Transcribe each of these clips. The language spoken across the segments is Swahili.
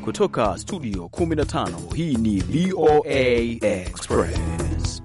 Kutoka studio 15 hii ni VOA Express.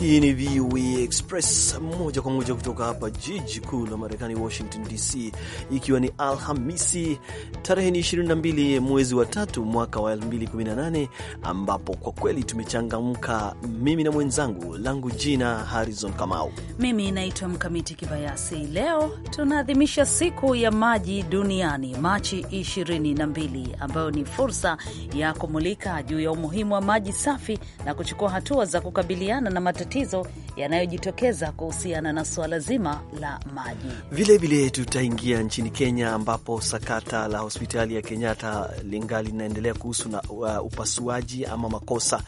Hii ni VOA Express moja kwa moja kutoka hapa jiji kuu la Marekani, Washington DC, ikiwa ni Alhamisi tarehe ni 22 mwezi wa tatu mwaka wa 2018, ambapo kwa kweli tumechangamka. Mimi na mwenzangu langu jina Harrison Kamau, mimi naitwa Mkamiti Kibayasi. Leo tunaadhimisha siku ya maji duniani Machi 22, ambayo ni fursa ya kumulika juu ya umuhimu wa maji safi na kuchukua hatua za kukabiliana na matatizo yanayojitokeza kujitokeza kuhusiana na suala zima la maji. Vilevile tutaingia nchini Kenya, ambapo sakata la hospitali ya Kenyatta lingali linaendelea kuhusu na uh, upasuaji ama makosa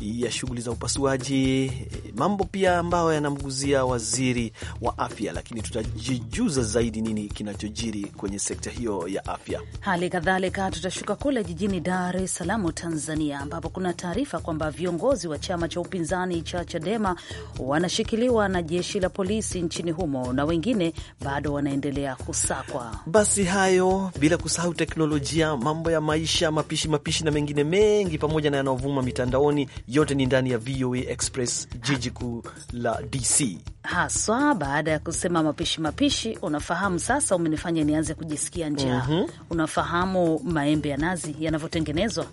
ya shughuli za upasuaji, mambo pia ambayo yanamguzia waziri wa afya, lakini tutajijuza zaidi nini kinachojiri kwenye sekta hiyo ya afya. Hali kadhalika tutashuka kule jijini Dar es Salaam, Tanzania, ambapo kuna taarifa kwamba viongozi wa chama cha upinzani cha Chadema wanashikilia kuchukuliwa na jeshi la polisi nchini humo na wengine bado wanaendelea kusakwa. Basi hayo bila kusahau teknolojia, mambo ya maisha, mapishi, mapishi na mengine mengi, pamoja na yanayovuma mitandaoni, yote ni ndani ya VOA Express, jiji kuu la DC haswa. Baada ya kusema mapishi mapishi, unafahamu sasa, umenifanya nianze kujisikia njaa. mm -hmm. Unafahamu maembe ya nazi yanavyotengenezwa?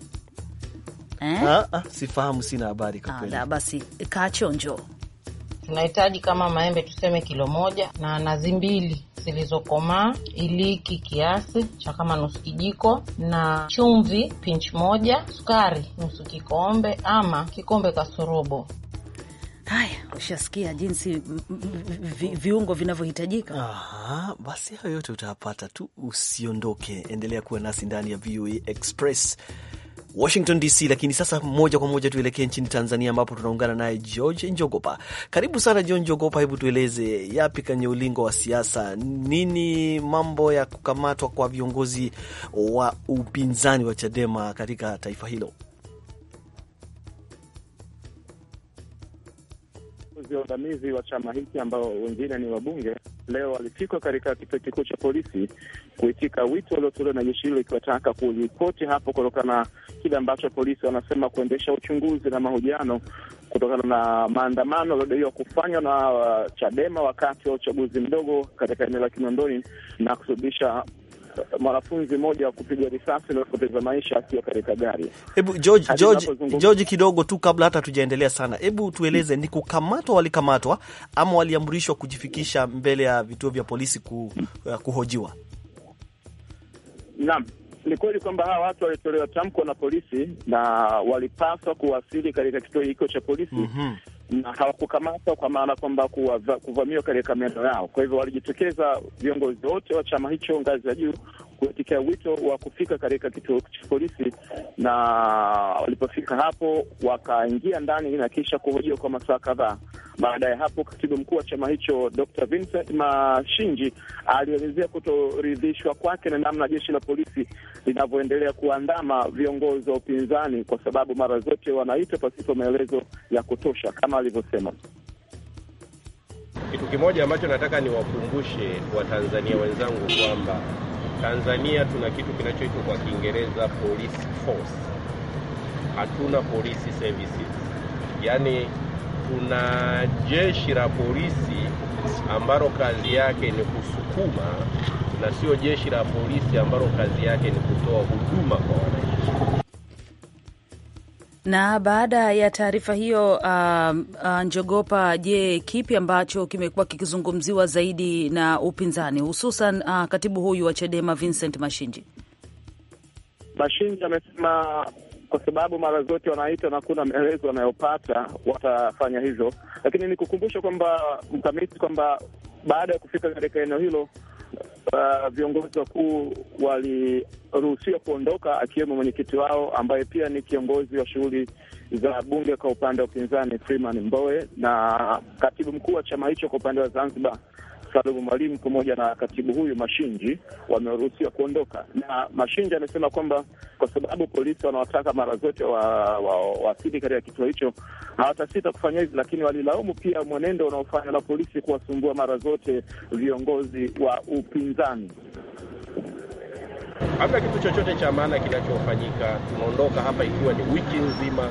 Eh? Ah, ah, sifahamu, sina habari kwa ah, kweli. Basi kachonjo tunahitaji kama maembe tuseme kilo moja na nazi mbili zilizokomaa, iliki kiasi cha kama nusu kijiko, na chumvi pinch moja, sukari nusu kikombe ama kikombe kasorobo. Haya, ushasikia jinsi vi, viungo vinavyohitajika. basi hayo yote utayapata tu, usiondoke, endelea kuwa nasi ndani ya VOA e Express Washington DC. Lakini sasa moja kwa moja tuelekee nchini Tanzania, ambapo tunaungana naye George Njogopa. Karibu sana George Njogopa, hebu tueleze yapi kwenye ulingo wa siasa, nini mambo ya kukamatwa kwa viongozi wa upinzani wa Chadema katika taifa hilo? viongozi waandamizi wa chama hiki ambao wengine ni wabunge leo walifika katika kituo kikuu cha polisi kuitika wito waliotolewa na jeshi hilo ikiwataka kuripoti hapo kutokana na kile ambacho polisi wanasema kuendesha uchunguzi na mahojiano kutokana na maandamano aliodaiwa kufanywa na uh, Chadema wakati wa uchaguzi mdogo katika eneo la Kinondoni na kusababisha mwanafunzi mmoja wa kupigwa risasi na kupoteza maisha akiwa katika gari. Hebu George, George, George, kidogo tu kabla hata tujaendelea sana, hebu tueleze ni kukamatwa, walikamatwa ama waliamrishwa kujifikisha mbele ya vituo vya polisi ku, uh, kuhojiwa? Naam, ni kweli kwamba hawa watu walitolewa tamko na polisi na walipaswa kuwasili katika kituo hicho cha polisi mm -hmm na hawakukamatwa kwa maana kwamba kuvamiwa katika maeneo yao. Kwa hivyo walijitokeza viongozi wote wa chama hicho ngazi ya juu kuitikia wito wa kufika katika kituo cha polisi, na walipofika hapo wakaingia ndani na kisha kuhojiwa kwa masaa kadhaa. Baada ya hapo, katibu mkuu wa chama hicho Dr. Vincent Mashinji alielezea kutoridhishwa kwake na namna jeshi la polisi linavyoendelea kuandama viongozi wa upinzani, kwa sababu mara zote wanaitwa pasipo maelezo ya kutosha, kama alivyosema. Kitu kimoja ambacho nataka niwakumbushe Watanzania wenzangu kwamba Tanzania tuna kitu kinachoitwa kwa Kiingereza police force, hatuna police services, yaani tuna jeshi la polisi ambalo kazi yake ni kusukuma na sio jeshi la polisi ambalo kazi yake ni kutoa huduma kwa wananchi. Na baada ya taarifa hiyo uh, uh, Njogopa, je, kipi ambacho kimekuwa kikizungumziwa zaidi na upinzani hususan uh, katibu huyu wa Chadema Vincent Mashinji? Mashinji amesema kwa sababu mara zote wanaita na kuna maelezo wanayopata watafanya hivyo, lakini nikukumbusha kwamba mkamiti kwamba baada ya kufika katika eneo hilo uh, viongozi wakuu waliruhusiwa kuondoka akiwemo mwenyekiti wao ambaye pia ni kiongozi wa shughuli za bunge kwa upande wa upinzani Freeman Mbowe, na katibu mkuu wa chama hicho kwa upande wa Zanzibar salumu Mwalimu pamoja na katibu huyu Mashinji wameruhusiwa kuondoka, na Mashinji amesema kwamba kwa sababu polisi wanawataka mara zote waasili wa, wa katika kituo hicho hawatasita kufanya hivi, lakini walilaumu pia mwenendo unaofanywa na polisi kuwasumbua mara zote viongozi wa upinzani. Hamna kitu chochote cha maana kinachofanyika. Tunaondoka hapa ikiwa ni wiki nzima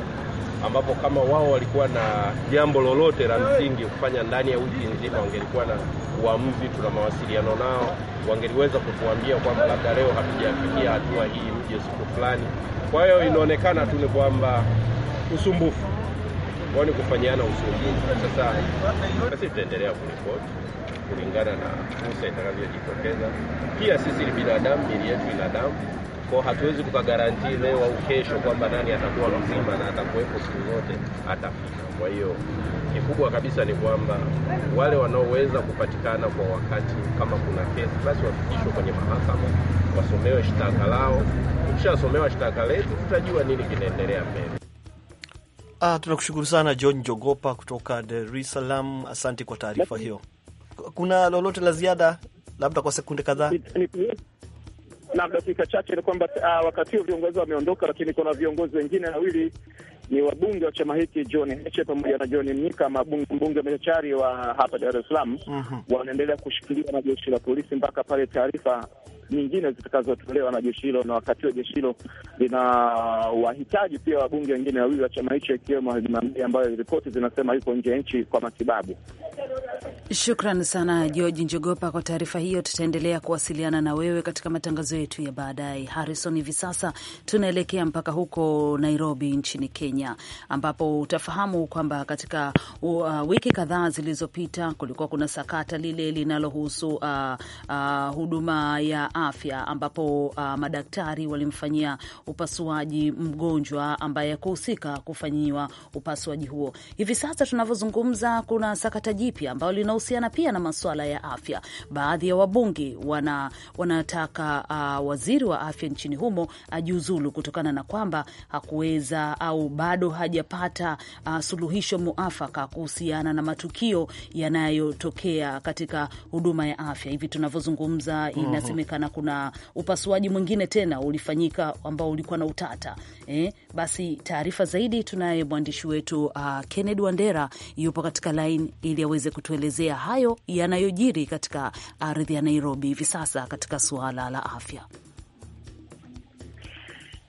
ambapo kama wao walikuwa na jambo lolote la msingi kufanya ndani ya wiki nzima, wangelikuwa na uamuzi, tuna mawasiliano nao, wangeliweza kutuambia kwamba labda leo hatujafikia hatua hii, mje siku fulani. Kwa hiyo inaonekana tu ni kwamba usumbufu kwani kufanyana usumbufu. Sasa basi tutaendelea kuripoti kulingana na fursa itakavyojitokeza. Pia sisi ni binadamu, mili yetu ina damu kwa hatuwezi tukagarantii leo au kesho kwamba nani atakuwa mzima na atakuwepo siku zote atafika. Kwa hiyo kikubwa kabisa ni kwamba wale wanaoweza kupatikana kwa wakati, kama kuna kesi basi wafikishwe kwenye mahakama, wasomewe shtaka lao. Tukishasomewa shtaka letu, tutajua nini kinaendelea mbele. Ah, tunakushukuru sana John Jogopa kutoka Dar es Salaam, asante kwa taarifa hiyo. Kuna lolote la ziada labda kwa sekunde kadhaa? na dakika chache ni kwamba uh, wakati huo viongozi wameondoka, lakini kuna viongozi wengine wawili ni wabunge wa chama hiki John Heche pamoja na John Mnyika, mbunge machachari wa hapa Dar es Salaam, wanaendelea kushikiliwa na jeshi la polisi mpaka pale taarifa nyingine zitakazotolewa na jeshi hilo, na wakati huo jeshi hilo lina wahitaji pia wabunge wengine wawili wa chama hicho, ikiwemo Halima ambayo ripoti zinasema yuko nje ya nchi kwa matibabu. Shukran sana George Njogopa kwa taarifa hiyo. Tutaendelea kuwasiliana na wewe katika matangazo yetu ya baadaye. Harrison, hivi sasa tunaelekea mpaka huko Nairobi nchini Kenya, ambapo utafahamu kwamba katika uh, wiki kadhaa zilizopita kulikuwa kuna sakata lile linalohusu uh, uh, huduma ya afya ambapo uh, madaktari walimfanyia upasuaji mgonjwa ambaye hakuhusika kufanyiwa upasuaji huo. Hivi sasa tunavyozungumza, kuna sakata jipya ambayo linahusiana pia na masuala ya afya. Baadhi ya wabunge wana, wanataka uh, waziri wa afya nchini humo ajiuzulu kutokana na kwamba hakuweza au bado hajapata uh, suluhisho muafaka kuhusiana na matukio yanayotokea katika huduma ya afya hivi tunavyozungumza, mhm. inasemekana na kuna upasuaji mwingine tena ulifanyika ambao ulikuwa na utata eh. Basi taarifa zaidi tunaye mwandishi wetu uh, Kennedy Wandera yupo katika line ili aweze kutuelezea hayo yanayojiri katika ardhi ya Nairobi hivi sasa katika suala la afya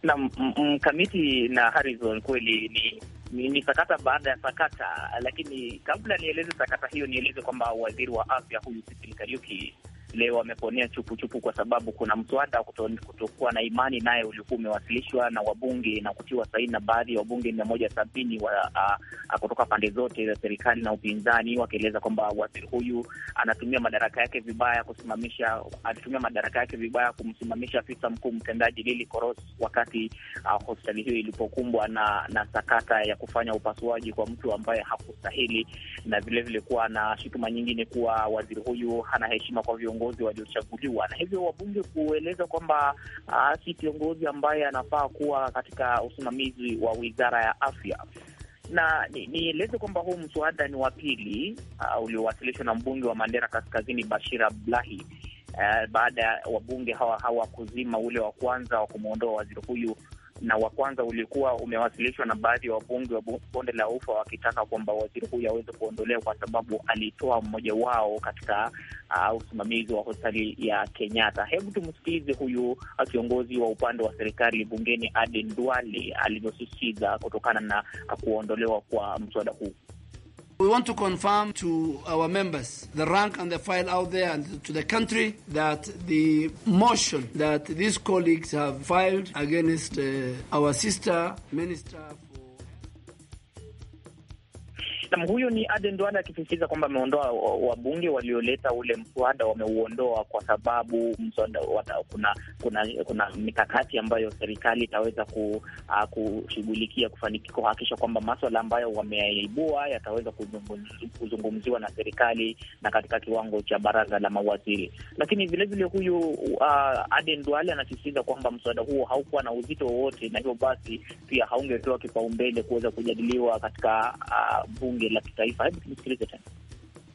na mkamiti na Harrison kweli ni ni, ni sakata baada ya sakata, lakini kabla nieleze sakata hiyo, nieleze kwamba waziri wa afya huyu Sicily Kariuki leo wameponea chupuchupu kwa sababu kuna mswada wa kutokuwa na imani naye ulikuwa umewasilishwa na wabunge na kutiwa saini na baadhi ya wabunge mia moja sabini wa, kutoka pande zote za serikali na upinzani, wakieleza kwamba waziri huyu anatumia madaraka yake vibaya kusimamisha, alitumia madaraka yake vibaya kumsimamisha afisa mkuu mtendaji Lili Koros wakati uh, hospitali hiyo ilipokumbwa na, na sakata ya kufanya upasuaji kwa mtu ambaye hakustahili, na vilevile kuwa na shutuma nyingine kuwa waziri huyu hana heshima kwa viongozi viongozi waliochaguliwa, na hivyo wabunge kueleza kwamba uh, si kiongozi ambaye anafaa kuwa katika usimamizi wa wizara ya afya na nieleze ni kwamba huu mswada ni wa pili uh, uliowasilishwa na mbunge wa Mandera Kaskazini Bashir Abdulahi uh, eh, baada ya wabunge hawa hawa kuzima ule wa kwanza wa kumwondoa waziri huyu na wa kwanza ulikuwa umewasilishwa na baadhi ya wabunge wa bonde la ufa wakitaka kwamba waziri huyu aweze kuondolewa kwa sababu alitoa mmoja wao katika uh, usimamizi wa hospitali ya Kenyatta. Hebu tumsikilize huyu kiongozi wa upande wa serikali bungeni Aden Duale alivyosisitiza kutokana na kuondolewa kwa mswada huu. We want to confirm to our members, the rank and the file out there, and to the country, that the motion that these colleagues have filed against uh, our sister minister. Nam huyo ni Aden Duale akisisitiza kwamba ameondoa wabunge walioleta ule mswada, wameuondoa kwa sababu mswada wata, kuna kuna kuna mikakati ambayo serikali itaweza ku, uh, kushughulikia kufanikiwa kuhakikisha kwamba maswala ambayo wameaibua yataweza kuzungumziwa na serikali na katika kiwango cha baraza la mawaziri. Lakini vilevile huyu uh, ah, Aden Duale anasisitiza kwamba mswada huo haukuwa na uzito wowote, na hivyo basi pia haungepewa kipaumbele kuweza kujadiliwa katika uh, bunge bunge la kitaifa. Hebu tumsikilize tena.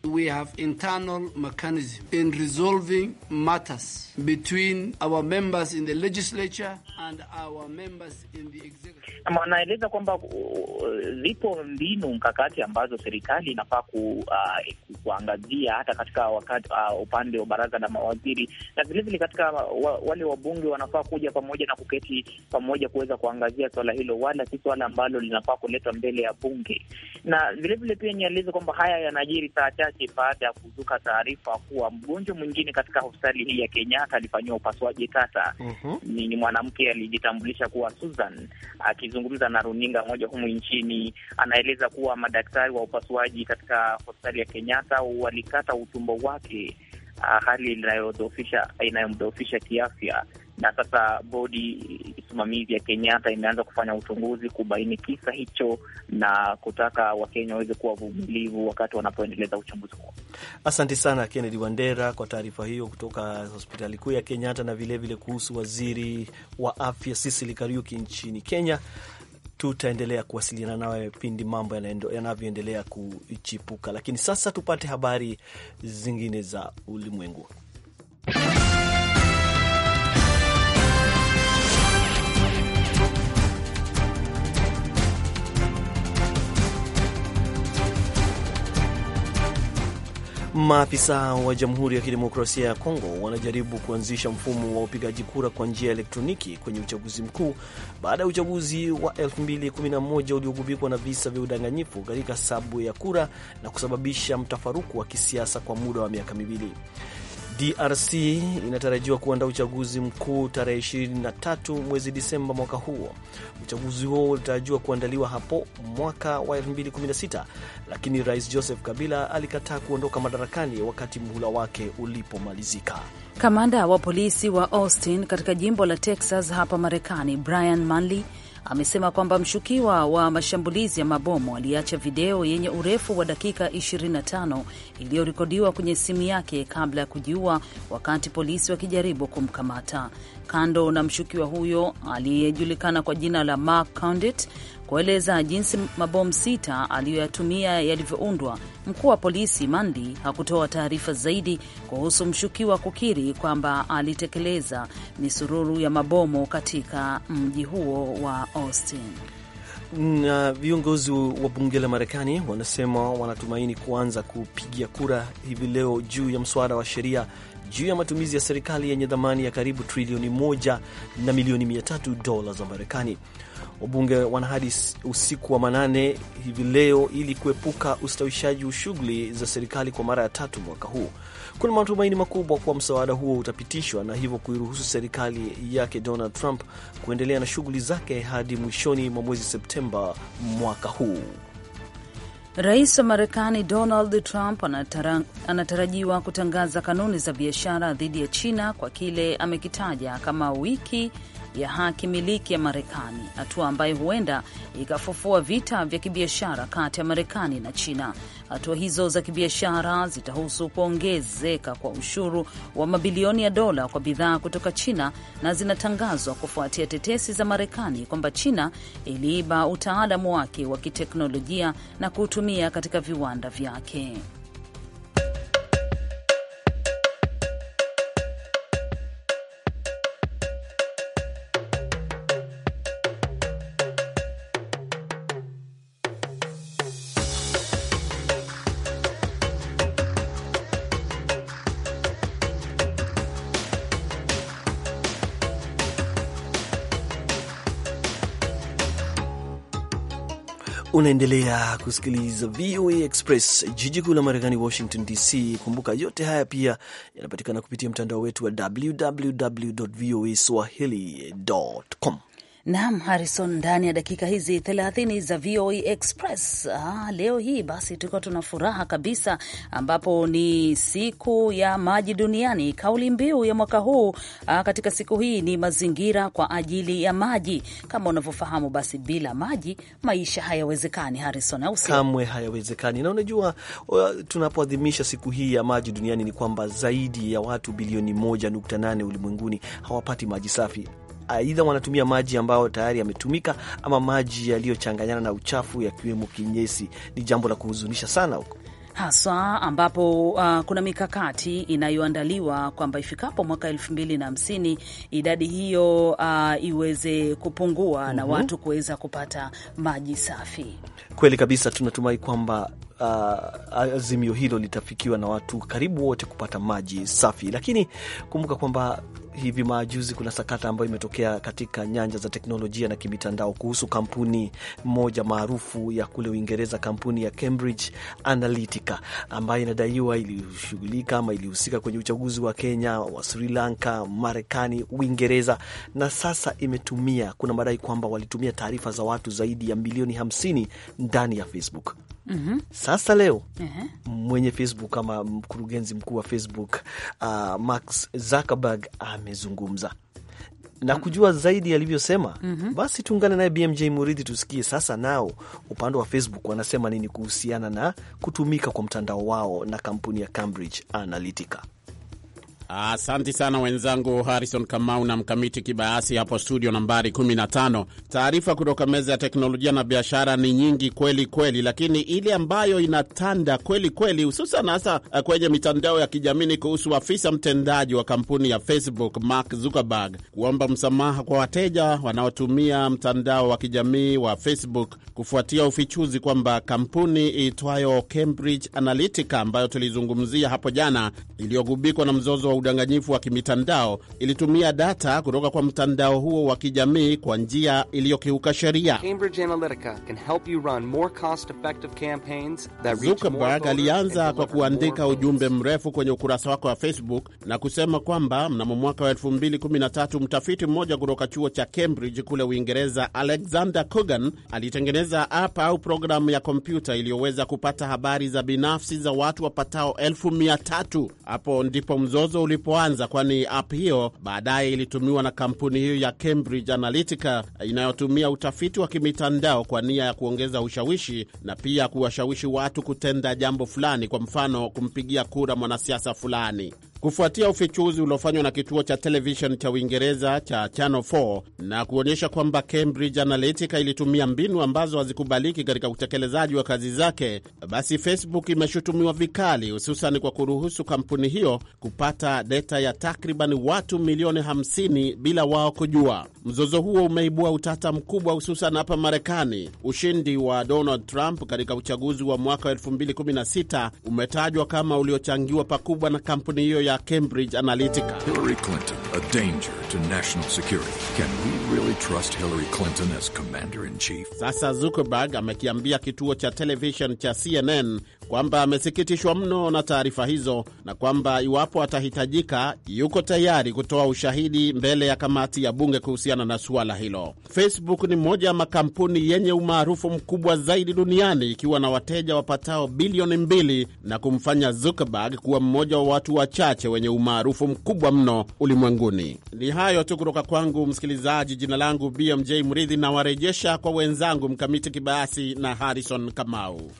We have internal mechanism in resolving matters between our members in the legislature and our members in the executive. Anaeleza kwamba uh, zipo uh, mbinu mkakati ambazo serikali inafaa ku, uh, kuangazia hata katika wakati, uh, upande wa baraza la mawaziri na vilevile katika wa, wale wabunge wanafaa kuja pamoja na kuketi pamoja kuweza kuangazia swala hilo, wala si swala ambalo linafaa kuletwa mbele ya bunge, na vilevile pia nieleze kwamba haya yanajiri saa chache baada ya kuzuka taarifa kuwa mgonjwa mwingine katika hospitali hii ya Kenyatta alifanyiwa upasuaji tata. mm -hmm. Ni, ni mwanamke alijitambulisha kuwa Susan. Akizungumza na runinga moja humu nchini, anaeleza kuwa madaktari wa upasuaji katika hospitali ya Kenyatta walikata utumbo wake, ah, hali inayomdhoofisha kiafya na sasa bodi simamizi ya Kenyatta imeanza kufanya uchunguzi kubaini kisa hicho na kutaka Wakenya waweze kuwa vumilivu wakati wanapoendeleza uchunguzi huo. Asante sana Kennedy Wandera kwa taarifa hiyo kutoka hospitali kuu ya Kenyatta na vilevile vile kuhusu waziri wa afya Sicily Kariuki nchini Kenya. Tutaendelea kuwasiliana nawe pindi mambo yanavyoendelea kuchipuka, lakini sasa tupate habari zingine za ulimwengu. Maafisa wa Jamhuri ya Kidemokrasia ya Kongo wanajaribu kuanzisha mfumo wa upigaji kura kwa njia ya elektroniki kwenye uchaguzi mkuu baada ya uchaguzi wa 2011 uliogubikwa na visa vya udanganyifu katika sabu ya kura na kusababisha mtafaruku wa kisiasa kwa muda wa miaka miwili. DRC inatarajiwa kuandaa uchaguzi mkuu tarehe 23 mwezi Disemba mwaka huo. Uchaguzi huo ulitarajiwa kuandaliwa hapo mwaka wa 2016 lakini Rais Joseph Kabila alikataa kuondoka madarakani wakati muhula wake ulipomalizika. Kamanda wa polisi wa Austin katika jimbo la Texas hapa Marekani, Brian Manley amesema kwamba mshukiwa wa mashambulizi ya mabomu aliacha video yenye urefu wa dakika 25 iliyorekodiwa kwenye simu yake kabla ya kujiua wakati polisi wakijaribu kumkamata. Kando na mshukiwa huyo aliyejulikana kwa jina la Mark Condit kueleza jinsi mabomu sita aliyoyatumia yalivyoundwa, mkuu wa polisi Mandi hakutoa taarifa zaidi kuhusu mshukiwa kukiri kwamba alitekeleza misururu ya mabomu katika mji huo wa Austin na viongozi wa bunge la Marekani wanasema wanatumaini kuanza kupigia kura hivi leo juu ya mswada wa sheria juu ya matumizi ya serikali yenye thamani ya karibu trilioni moja na milioni mia tatu dola za Marekani. Wabunge wana hadi usiku wa manane hivi leo ili kuepuka ustawishaji shughuli za serikali kwa mara ya tatu mwaka huu. Kuna matumaini makubwa kuwa msawada huo utapitishwa na hivyo kuiruhusu serikali yake Donald Trump kuendelea na shughuli zake hadi mwishoni mwa mwezi Septemba mwaka huu. Rais wa Marekani Donald Trump anatara, anatarajiwa kutangaza kanuni za biashara dhidi ya China kwa kile amekitaja kama wiki ya haki miliki ya Marekani, hatua ambayo huenda ikafufua vita vya kibiashara kati ya Marekani na China. Hatua hizo za kibiashara zitahusu kuongezeka kwa ushuru wa mabilioni ya dola kwa bidhaa kutoka China na zinatangazwa kufuatia tetesi za Marekani kwamba China iliiba utaalamu wake wa kiteknolojia na kuutumia katika viwanda vyake. Unaendelea kusikiliza VOA Express, jiji kuu la Marekani, Washington DC. Kumbuka yote haya pia yanapatikana kupitia mtandao wetu wa www voa swahili com. Naam, Harrison, ndani ya dakika hizi thelathini za VOA e Express ah, leo hii basi tulikuwa tuna furaha kabisa, ambapo ni siku ya maji duniani. Kauli mbiu ya mwaka huu ah, katika siku hii ni mazingira kwa ajili ya maji. Kama unavyofahamu, basi bila maji maisha hayawezekani, Harrison, au Kamwe hayawezekani. Na unajua uh, tunapoadhimisha siku hii ya maji duniani ni kwamba zaidi ya watu bilioni 1.8 ulimwenguni hawapati maji safi aidha wanatumia maji ambayo tayari yametumika ama maji yaliyochanganyana na uchafu yakiwemo kinyesi. Ni jambo la kuhuzunisha sana huko haswa ambapo uh, kuna mikakati inayoandaliwa kwamba ifikapo mwaka elfu mbili na hamsini idadi hiyo uh, iweze kupungua mm -hmm. na mhm. watu kuweza kupata maji safi. Kweli kabisa, tunatumai kwamba uh, azimio hilo litafikiwa na watu karibu wote kupata maji safi. Lakini kumbuka kwamba hivi majuzi kuna sakata ambayo imetokea katika nyanja za teknolojia na kimitandao kuhusu kampuni moja maarufu ya kule Uingereza, kampuni ya Cambridge Analytica ambayo inadaiwa ilishughulika ama ilihusika kwenye uchaguzi wa Kenya, wa Sri Lanka, Marekani, Uingereza na sasa imetumia, kuna madai kwamba walitumia taarifa za watu zaidi ya milioni hamsini ndani ya Facebook mm -hmm. Sasa leo uh mm-hmm. -huh. mwenye Facebook ama mkurugenzi mkuu wa Facebook uh, Mark Zuckerberg amezungumza na mm-hmm. kujua zaidi alivyosema. mm -hmm. Basi tuungane naye BMJ Muridhi tusikie sasa nao upande wa Facebook wanasema nini kuhusiana na kutumika kwa mtandao wao na kampuni ya Cambridge Analytica. Asante sana wenzangu Harrison Kamau na Mkamiti Kibayasi hapo studio nambari 15. Taarifa kutoka meza ya teknolojia na biashara ni nyingi kweli kweli, lakini ile ambayo inatanda kweli kweli, hususan hasa eh, kwenye mitandao ya kijamii ni kuhusu afisa mtendaji wa kampuni ya Facebook Mark Zuckerberg kuomba msamaha kwa wateja wanaotumia mtandao wa kijamii wa Facebook kufuatia ufichuzi kwamba kampuni iitwayo Cambridge Analytica ambayo tulizungumzia hapo jana iliyogubikwa na mzozo wa udanganyifu wa kimitandao ilitumia data kutoka kwa mtandao huo wa kijamii kwa njia iliyokiuka sheria. Zuckerberg alianza kwa kuandika ujumbe mrefu kwenye ukurasa wake wa Facebook na kusema kwamba mnamo mwaka wa 2013 mtafiti mmoja kutoka chuo cha Cambridge kule Uingereza, Alexander Cogan, alitengeneza app au programu ya kompyuta iliyoweza kupata habari za binafsi za watu wapatao elfu mia tatu. Hapo ndipo mzozo ulipoanza, kwani app hiyo baadaye ilitumiwa na kampuni hiyo ya Cambridge Analytica inayotumia utafiti wa kimitandao kwa nia ya kuongeza ushawishi na pia kuwashawishi watu kutenda jambo fulani, kwa mfano kumpigia kura mwanasiasa fulani kufuatia ufichuzi uliofanywa na kituo cha televishen cha Uingereza cha Channel 4 na kuonyesha kwamba Cambridge Analytica ilitumia mbinu ambazo hazikubaliki katika utekelezaji wa kazi zake. Basi Facebook imeshutumiwa vikali, hususan kwa kuruhusu kampuni hiyo kupata deta ya takriban watu milioni 50 bila wao kujua. Mzozo huo umeibua utata mkubwa, hususan hapa Marekani. Ushindi wa Donald Trump katika uchaguzi wa mwaka 2016 umetajwa kama uliochangiwa pakubwa na kampuni hiyo ya Cambridge Analytica. Hillary Clinton, a danger to national security. Can we really trust Hillary Clinton as commander in chief? Sasa Zuckerberg amekiambia kituo cha television cha CNN kwamba amesikitishwa mno na taarifa hizo na kwamba iwapo atahitajika yuko tayari kutoa ushahidi mbele ya kamati ya bunge kuhusiana na suala hilo. Facebook ni moja ya makampuni yenye umaarufu mkubwa zaidi duniani ikiwa na wateja wapatao bilioni mbili na kumfanya Zuckerberg kuwa mmoja wa watu wachache wachache wenye umaarufu mkubwa mno ulimwenguni. Ni hayo tu kutoka kwangu, msikilizaji. Jina langu BMJ Mridhi, nawarejesha kwa wenzangu Mkamiti Kibayasi na Harrison Kamau.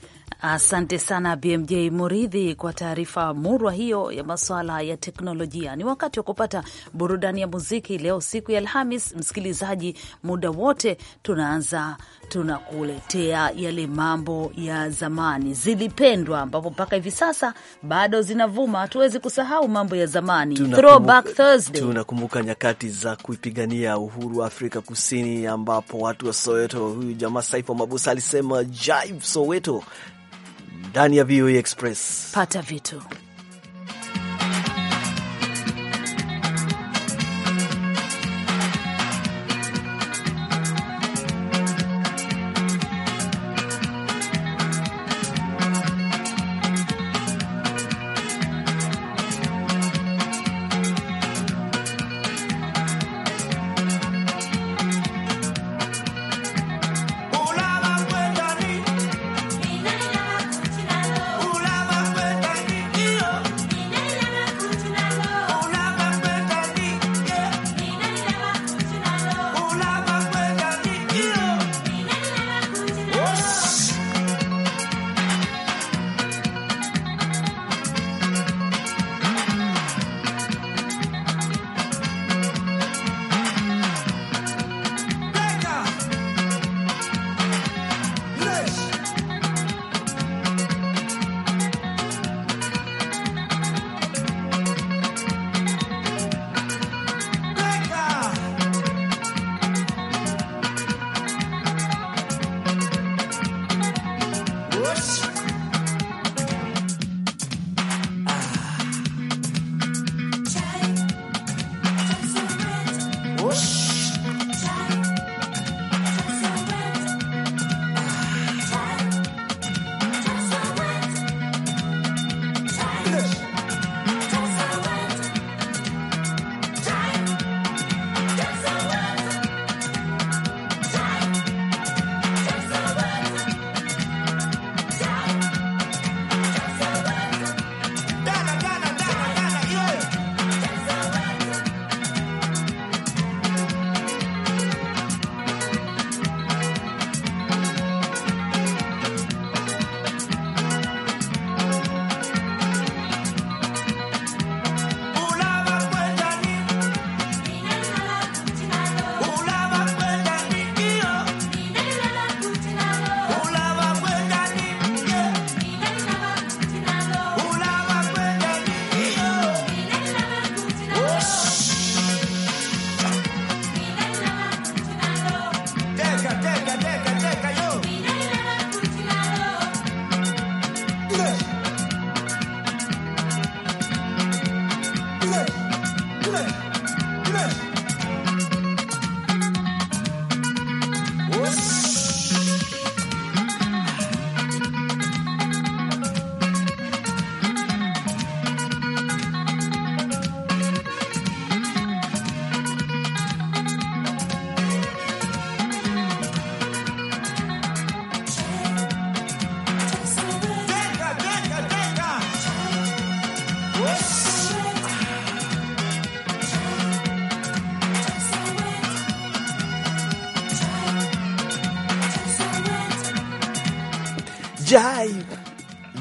Asante sana BMJ Muridhi kwa taarifa murwa hiyo ya masuala ya teknolojia. Ni wakati wa kupata burudani ya muziki leo, siku ya Alhamis. Msikilizaji, muda wote tunaanza tunakuletea yale mambo ya zamani zilipendwa, ambapo mpaka hivi sasa bado zinavuma. Hatuwezi kusahau mambo ya zamani, Throwback Thursday. Tunakumbuka nyakati za kuipigania uhuru wa Afrika Kusini, ambapo watu wa Soweto, huyu jamaa Saifo Mabusa alisema jive Soweto ndani ya VOA e Express. Pata vitu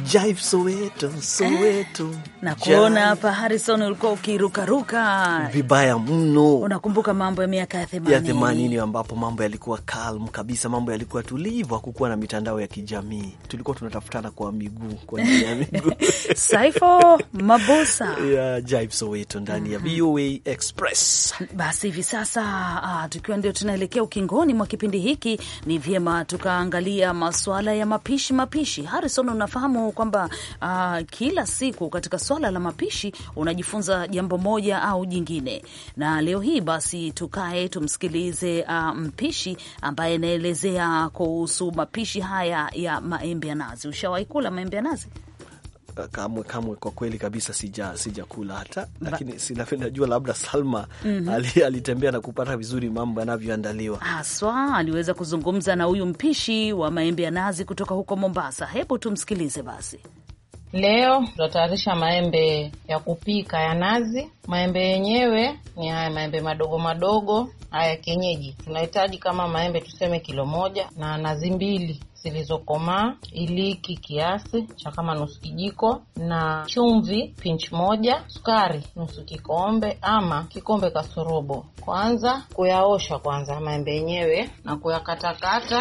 jive Soweto, Soweto Eh, na kuona hapa Harrison, ulikuwa ukirukaruka vibaya mno. Unakumbuka mambo ya miaka ya themanini ambapo mambo yalikuwa calm kabisa, mambo yalikuwa tulivu, hakukuwa na mitandao ya kijamii, tulikuwa tunatafutana kwa miguu, kwa njia ya miguu Saifo Mabusa ya jive Soweto ndani ya mhm. VOA Express. Basi hivi sasa ah, tukiwa ndio tunaelekea ukingoni mwa kipindi hiki, ni vyema tukaangalia masuala ya mapishi mapishi. Harrison, unafahamu kwamba uh, kila siku katika swala la mapishi unajifunza jambo moja au jingine, na leo hii basi tukae tumsikilize uh, mpishi ambaye anaelezea kuhusu mapishi haya ya maembe ya nazi. Ushawahi kula maembe ya nazi? Eh, kamwe kamwe, kwa kweli kabisa, sija sijakula hata, lakini najua labda Salma mm -hmm. ali, alitembea na kupata vizuri mambo yanavyoandaliwa haswa. Aliweza kuzungumza na huyu mpishi wa maembe ya nazi kutoka huko Mombasa. Hebu tumsikilize basi. Leo tunatayarisha maembe ya kupika ya nazi. Maembe yenyewe ni haya maembe madogo madogo haya kienyeji. Tunahitaji kama maembe tuseme kilo moja na nazi mbili zilizokomaa, iliki kiasi cha kama nusu kijiko, na chumvi pinch moja, sukari nusu kikombe ama kikombe kasorobo. Kwanza kuyaosha kwanza maembe yenyewe na kuyakatakata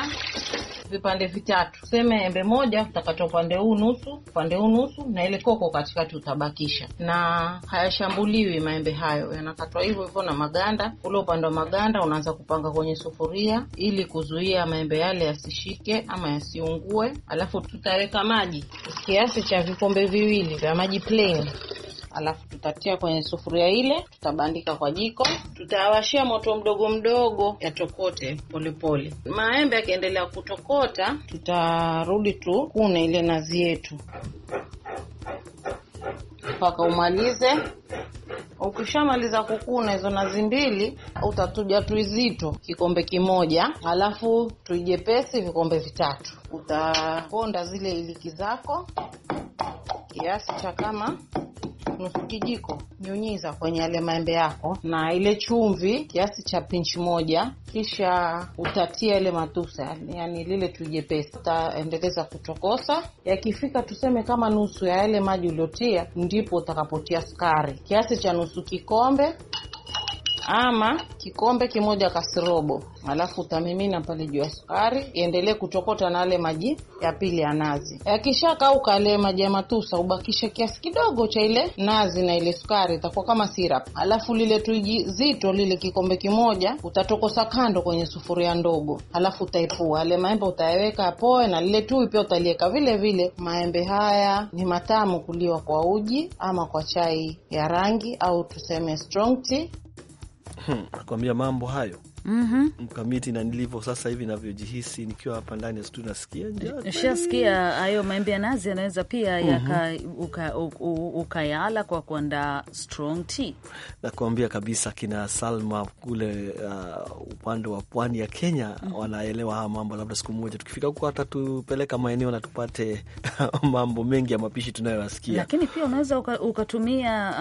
vipande vitatu, tuseme embe moja utakata upande huu nusu, upande huu nusu, na ile koko katikati utabakisha. Na hayashambuliwi maembe hayo, yanakatwa hivyo hivyo na maganda. Ule upande wa maganda unaanza kupanga kwenye sufuria ili kuzuia maembe yale yasishike ama yasiungue. Alafu tutaweka maji kiasi cha vikombe viwili vya maji plain alafu tutatia kwenye sufuria ile, tutabandika kwa jiko, tutawashia moto mdogo mdogo, yatokote polepole. Maembe yakiendelea kutokota, tutarudi tukune ile nazi yetu mpaka umalize. Ukishamaliza kukuna hizo nazi mbili, utatuja tuizito kikombe kimoja, alafu tuijepesi vikombe vitatu. Utaponda zile iliki zako kiasi cha kama nusu kijiko, nyunyiza kwenye yale maembe yako na ile chumvi kiasi cha pinchi moja, kisha utatia yale matusa, yani lile tujepesi. Utaendeleza kutokosa, yakifika tuseme kama nusu ya yale maji uliotia, ndipo utakapotia sukari kiasi cha nusu kikombe ama kikombe kimoja kasirobo, alafu utamimina pale juu ya sukari, iendelee kutokota na ale maji ya pili ya nazi. kauka ale maji ya matusa, ubakishe kiasi kidogo cha ile nazi na ile sukari, itakuwa kama syrup. Alafu lile tuiji zito lile kikombe kimoja utatokosa kando kwenye sufuria ndogo, alafu utaipua. Ale maembe utayaweka apoe, na lile tui pia utalieka vile vile. Maembe haya ni matamu kuliwa kwa uji ama kwa chai ya rangi au tuseme strong tea. hmm. Nakwambia mambo hayo mm -hmm. mkamiti na nilivyo sasa hivi navyojihisi nikiwa hapa ndani ya studio, nasikia Shasikia hayo maembe ya nazi yanaweza pia mm -hmm. ukayala uka kwa kuandaa strong tea. Nakuambia kabisa kina Salma kule uh, upande wa pwani ya Kenya mm -hmm. wanaelewa haya mambo, labda siku moja tukifika huko hata tupeleka maeneo na tupate mambo mengi ya mapishi tunayoyasikia, lakini pia unaweza ukatumia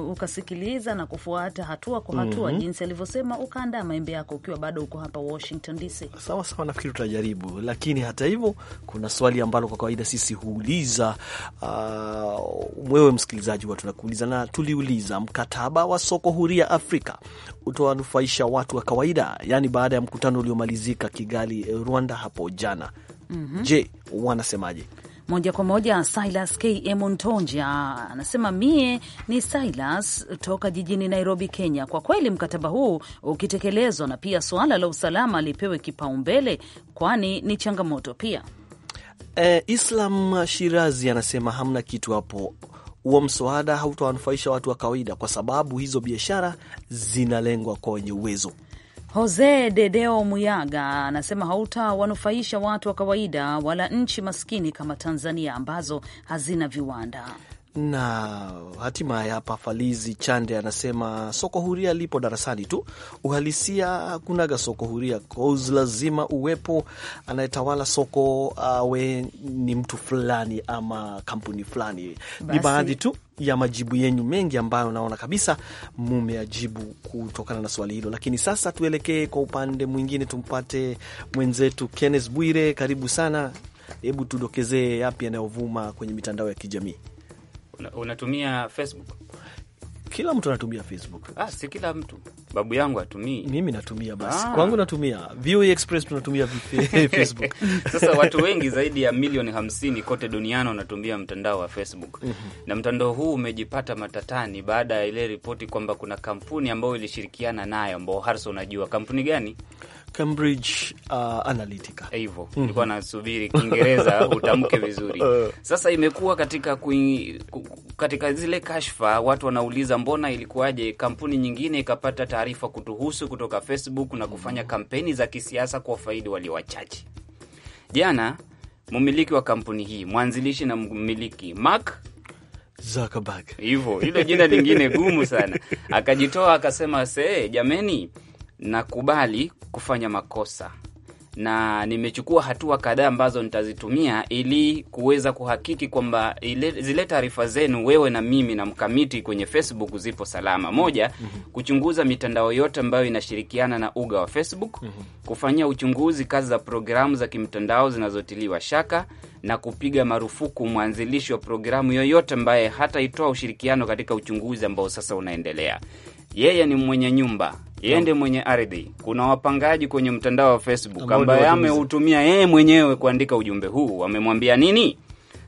uh, ukasikiliza na kufuata hatua kwa hatua mm -hmm. jinsi alivyosema ukaandaa maembe yako yako ukiwa bado uko hapa Washington DC. Sawa sawa, nafikiri tutajaribu, lakini hata hivyo kuna swali ambalo kwa kawaida sisi huuliza uh, wewe msikilizaji wa tunakuuliza na tuliuliza, mkataba wa soko huria Afrika utawanufaisha watu wa kawaida, yaani baada ya mkutano uliomalizika Kigali, Rwanda hapo jana. Mm -hmm. Je, wanasemaje? moja kwa moja. Silas K Ntonja anasema mie ni Silas toka jijini Nairobi, Kenya. Kwa kweli mkataba huu ukitekelezwa na pia suala la usalama lipewe kipaumbele, kwani ni changamoto pia. Eh, Islam Shirazi anasema hamna kitu hapo huo mswada hautawanufaisha watu wa kawaida kwa sababu hizo biashara zinalengwa kwa wenye uwezo. Jose Dedeo Muyaga anasema hautawanufaisha watu wa kawaida wala nchi maskini kama Tanzania ambazo hazina viwanda. Na hatimaye hapa Falizi Chande anasema soko huria lipo darasani tu, uhalisia kunaga soko huria cause lazima uwepo anayetawala soko awe ni mtu fulani ama kampuni fulani, ni baadhi tu ya majibu yenyu mengi ambayo naona kabisa mumeajibu kutokana na swali hilo. Lakini sasa tuelekee kwa upande mwingine, tumpate mwenzetu Kenneth Bwire. Karibu sana, hebu tudokezee yapi yanayovuma kwenye mitandao ya kijamii. Unatumia Facebook? Kila mtu anatumia Facebook. Ah, si kila mtu. Babu yangu atumii. Mimi natumia basi. Ah. Kwangu natumia. VOA Express tunatumia Facebook. Sasa watu wengi zaidi ya milioni hamsini kote duniani wanatumia mtandao wa Facebook. Mm -hmm. Na mtandao huu umejipata matatani baada ya ile ripoti kwamba kuna kampuni ambayo ilishirikiana nayo ambayo Harrison unajua kampuni gani? Cambridge uh, Analytica eh, hivyo mm -hmm. nasubiri Kiingereza utamke vizuri. Uh. Sasa imekuwa katika kui, katika zile kashfa, watu wanauliza mbona ilikuwaje kampuni nyingine ikapata taarifa kutuhusu kutoka Facebook na kufanya kampeni za kisiasa kwa faidi walio wachache. Jana mumiliki wa kampuni hii, mwanzilishi na mmiliki Mark Zuckerberg, hivyo hilo jina lingine gumu sana, akajitoa akasema, see jameni nakubali kufanya makosa na nimechukua hatua kadhaa ambazo nitazitumia ili kuweza kuhakiki kwamba zile taarifa zenu wewe na mimi na mkamiti kwenye Facebook zipo salama. Moja, mm -hmm. kuchunguza mitandao yote ambayo inashirikiana na uga wa Facebook mm -hmm. kufanyia uchunguzi kazi za programu za kimtandao zinazotiliwa shaka na kupiga marufuku mwanzilishi wa programu yoyote ambaye itoa ushirikiano katika uchunguzi ambao sasa unaendelea. Yeye ni mwenye nyumba yende mwenye ardhi. Kuna wapangaji kwenye mtandao wa Facebook ambaye ameutumia yeye mwenyewe kuandika ujumbe huu. wamemwambia nini?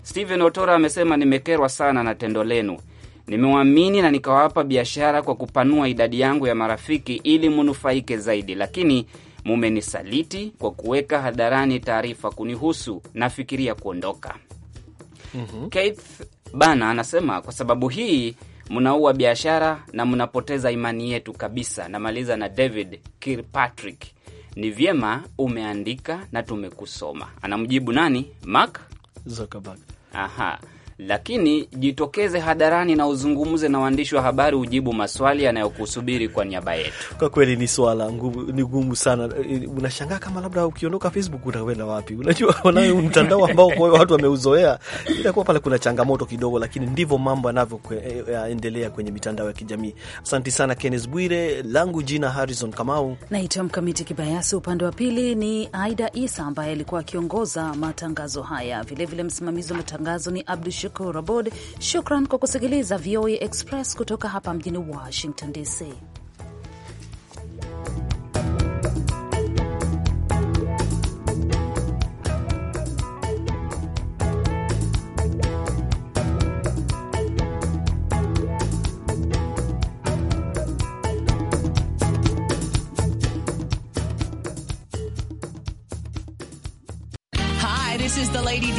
Steven Otora amesema, nimekerwa sana na tendo lenu, nimewamini na nikawapa biashara kwa kupanua idadi yangu ya marafiki ili mnufaike zaidi, lakini mumenisaliti kwa kuweka hadharani taarifa kunihusu. Nafikiria kuondoka. mm -hmm. Keith Bana anasema kwa sababu hii mnaua biashara na mnapoteza imani yetu kabisa. Namaliza na David Kirpatrick, ni vyema umeandika na tumekusoma. Anamjibu nani? Mark Zuckerberg. Aha lakini jitokeze hadharani na uzungumze na waandishi wa habari, ujibu maswali yanayokusubiri kwa niaba yetu. Kwa kweli ni swala ni gumu sana. Eh, unashangaa kama labda ukiondoka Facebook unakwenda wapi? Unajua, wanayo mtandao ambao kwa watu wameuzoea, inakuwa pale kuna changamoto kidogo, lakini ndivyo mambo yanavyoendelea kwe, eh, kwenye mitandao ya kijamii. Asanti sana Kennes Bwire, langu jina Harrison Kamau, naitwa Mkamiti Kibayasi. Upande wa pili ni Aida Isa ambaye alikuwa akiongoza matangazo haya, vilevile msimamizi wa matangazo ni Abdu Shakur Abud. Shukran kwa kusikiliza VOA Express kutoka hapa mjini Washington DC.